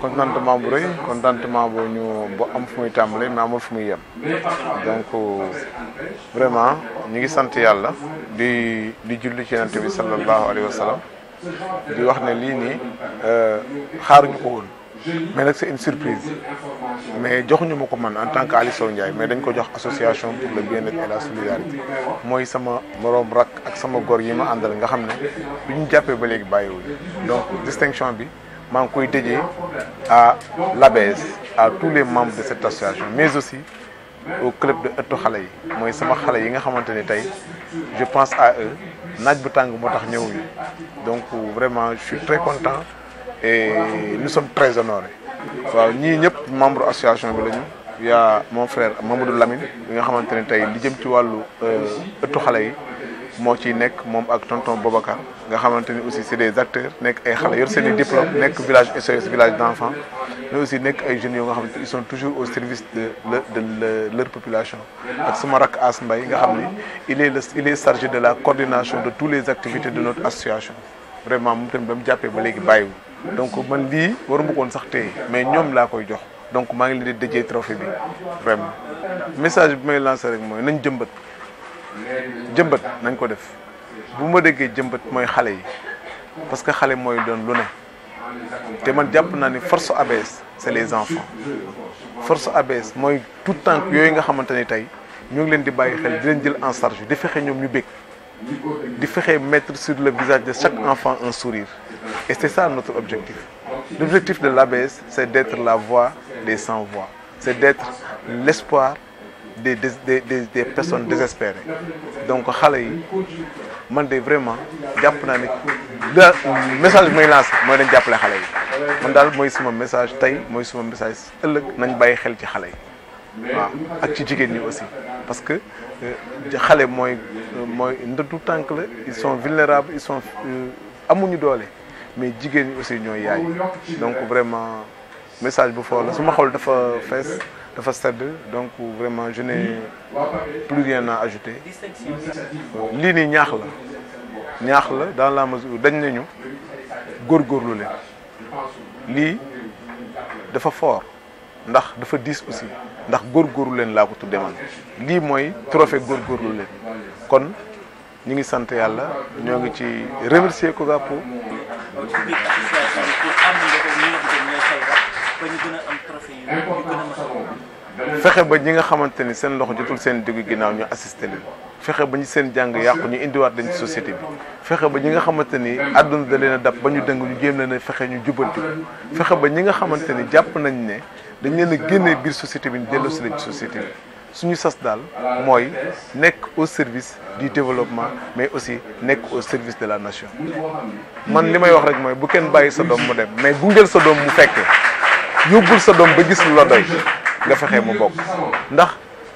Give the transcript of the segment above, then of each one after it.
contentement bu rëy contentement bu ñu boo am fu muy tàmbali mais amul fu muy yem donc vraiment ñu ngi sant yàlla di di julli ci yonent bi sallallahu alayhi wa sallam di wax ne lii nii euh, xaaruñu ko woon mais nag c'est une surprise mais joxuñu ma ko man en tant que Aly Sow mais dañ ko jox association pour le bien-être et la solidarité mooy sama moroom rakk ak sama góor yi ma àndal nga xam ne bu jàppee ba léegi bàyyiwuñu donc distinction bi. maa ngi koy dédié à l'ABS à tous les membres de cette association mais aussi au club de ëttu xale yi mooy sama xale yi nga xamante ni tey je pense à eux naaj bu tàng moo tax ñëwuñu donc vraiment je suis très content et nous sommes très honorés waaw ñii ñëpp membre association bi lañu yaa mon frère Mamadou Lamine bi nga xamante ne tey li jëm ci wàllu euh, ëttu xale yi moo ciy nekk moom ak tonton Bobacar nga xamante ni aussi c'est des acteurs nekk ay xale yor seen i diplôme nekk village SOS village d'enfants mais aussi nekk ay jeunes yoo nga xamante ils sont toujours au service population ak sama rakk As Mbaye xam ni il est le il de la coordination de tous les activités de notre association vraiment moom tamit ba mu jàppee ba léegi bàyyiwu donc man lii waruma koon sax téye mais ñoom laa koy jox donc maa ngi leen di déjee trophée bi vraiment message bi may lancer rek mooy nañ jëmbat jëmbat nañ ko def bu ma déggee jëmbat mooy xale yi parce que xale mooy doon lu ne te man jàpp naa ni force ABS c'est les enfants force ABS mooy tout temps yooyu nga xamante ni tey ñoo ngi leen di bàyyi xel di leen jël en charge di fexe ñoom ñu bég di fexe mettre sur le visage de chaque enfant un sourire et c'est ça notre objectif l'objectif de l'ABS c'est d'être la voix des sans voix c'est d'être l'espoir des des de des personnes désespérées donc xale yi man de vraiment jàpp naa ne da message bi may lancé mooy dañ jàppale xale yi man daal mooy suma message tey mooy suma message ëllëg nañ bàyyi xel ci xale yi waaw ak ci jigéen ñi aussi parce que euh, xale mooy mooy ndëtu tànk la ils sont vulnérables ils sont euh, amuñu doole mais jigéen ñi aussi ñooy yaay donc vraiment message bu fort la su ma xol dafa fees dafa sedd donc vraiment je n'ai plus rien à euh, lii ni ñaax la ñaax la dans la mesure dañ nañu góorgóorlu leen lii dafa fort ndax dafa diis aussi ndax góor góorgóorlu leen laa ko tuddee man lii mooy trophée góorgóorlu leen kon ñu ngi sant yàlla ñoo ngi ci remercier ko gàppo fexe ba ñi nga xamante ni seen loxo jotul seen diggu ginnaaw ñu assisté leen fexe ba ñu seen jàng yàqu ñu indiwaat leen ci société bi fexe ba ñi nga xamante ni àdduna da leen a dab ba ñu dëng ñu jéem leen a fexe ñu jubbanti fexe ba ñi nga xamante ni jàpp nañ ne dañ leen a génnee biir société bi ñu delloosi leen ci société bi suñu sas daal mooy nekk au service du développement mais aussi nekk au service de la nation man li may wax rek mooy bu kenn bàyyi sa doom mu dem mais gungeel sa doom mu fekkee yóbbul sa doom ba gis lu la nga fexe mu bokk ndax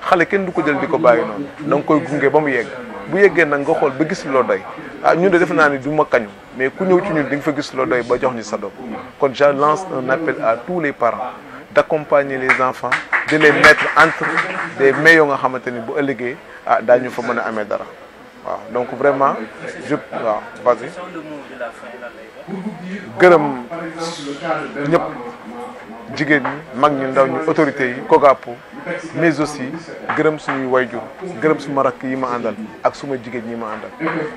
xale kenn du ko jël di ko bàyyi noonu da nga koy gunge ba mu yegg bu yeggee nag nga xool ba gis loo doy ah ñun de defe naa ni du ma kañu mais ku ñëw ci ñun di nga fa gis loo doy ba jox ni sa doom kon je lance un appel à tous les parents d'accompagner les enfants de les mettre entre des mains yoo nga xamante ni bu ëllëgee ah ñu fa mën a amee dara waaw donc vraiment je waaw vas-y gërëm ñëpp jigéen ñi mag ñi ndaw ñu autorités yi COGAP mais aussi gërëm suñuy wayjur gërëm suma rakk yi ma àndal ak suma jigéen ñi ma àndal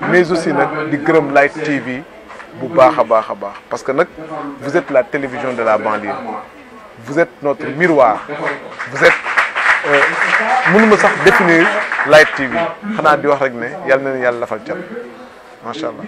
mais aussi nag di gërëm Light TV bu baax a baax a baax parce que nag vous êtes la télévision de la banlieue vous êtes notre miroir Euh, mënuma sax définir Light TV xanaa di wax rek ne yàlla na leen yàlla lafal cat macha allah.